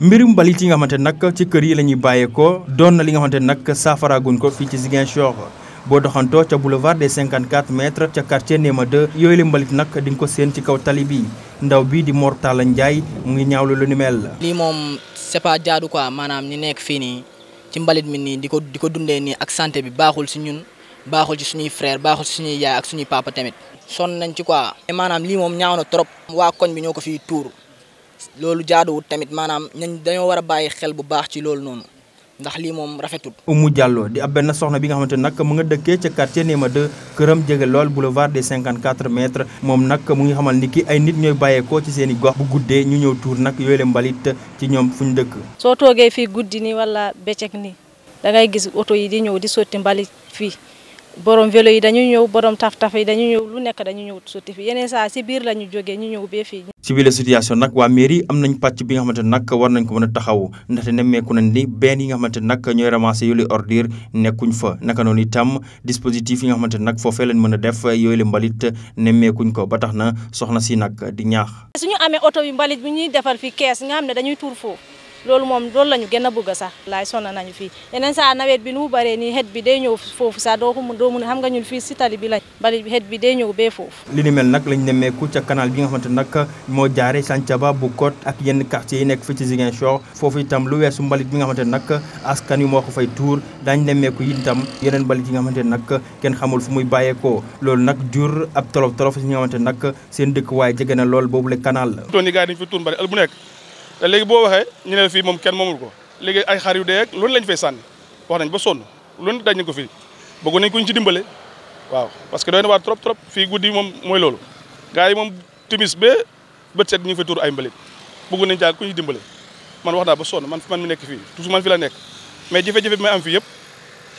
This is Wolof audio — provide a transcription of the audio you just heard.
mbirum mbalit yi nga xamante nag ci kër yi la ñuy bàyyeekoo doon na li nga xamante nag saafaraaguñ ko fii ci Ziguinchor boo doxantoo ca boulevard des 54 mètres ca quartier Néma 2 yooyu la mbalit nag di nga ko seen ci kaw tali ndaw bii di Mor Talla mu ngi ñaawlu lu ni mel. c'est pas jaadu quoi ci mbalit mi ko di ko ak santé bi baaxul si ñun baaxul ci suñuy frère baaxul ci suñuy yaay ak suñuy papa tamit. sonn nañ ci quoi. trop. waa koñ bi ñoo ko fiy loolu jaaduwut tamit maanaam ñañ dañoo war a bàyyi xel bu baax ci loolu noonu ndax lii moom rafetul. Oumou jàlloo di ab benn soxna bi nga xamante nag mu nga dëkkee ca quartier Néma 2 këram jege lool boulevard des 54 mètres moom nag mu ngi xamal ni ki ay nit ñooy bàyyeekoo ci seen i gox bu guddee ñu ñëw tuur nag yooyu la mbalit ci ñoom fu ñu dëkk. soo toogee fii guddi nii wala bëccëg nii da ngay gis oto yi di ñëw di sotti mbalit fii. borom vélo yi dañu ñëw borom taf-taf yi dañu ñëw lu nekk dañu ñëw sotti fi yeneen saa si biir la ñu jógee ñu ñëw bee fii. ci biir la situation nag waa mairie am nañ pàcc bi nga xamante ne a ñooy ramasser yooyu ordure nekkuñ fa naka noonu itam dispositif yi nga xamante ne nag mën a def yooyu la mbalit nemmeekuñ ko ba tax na soxna si nag di ñaax. suñu amee loolu moom loolu la ñu gën a bëgg sax laay sonna nañu fii yeneen saa nawet bi nu mu nii xet bi day ñëw foofu sax doo ko mun doo mun fii si tali bi lañ bari xet bi day ñëw bee foofu li ni mel nag lañ nemmeeku ca canal bi nga xamante nag moo jaare Santhiaba bu Kot ak yenn quartier yi nekk fii ci Ziguinchor foofu itam lu weesu mbalit bi nga xamante nag askan yi moo ko fay tuur daañ nemmeeku itam yeneen mbalit yi nga xamante nag kenn xamul fu muy bàyyeekoo loolu nag jur ab tolof tolof si nga xamante nag seen dëkk waaye jege na lool boobu le canal la te léegi boo waxee ñu ne fii moom kenn moomul ko léegi ay xar yu dee ak loolu lañ fay sànni wax nañ ba sonn loolu dañ ko fii bëggu nañ kuñ ci dimbale waaw parce que doy na waar trop trop fii guddi moom mooy loolu gars yi moom timis ba bët set ñu ngi fay tuur ay mbalit bëggu nañ jaag ku ñu dimbale man wax naa ba sonn man man mi nekk fii toujours man fi la nekk mais jafe-jafe bi am fii yëpp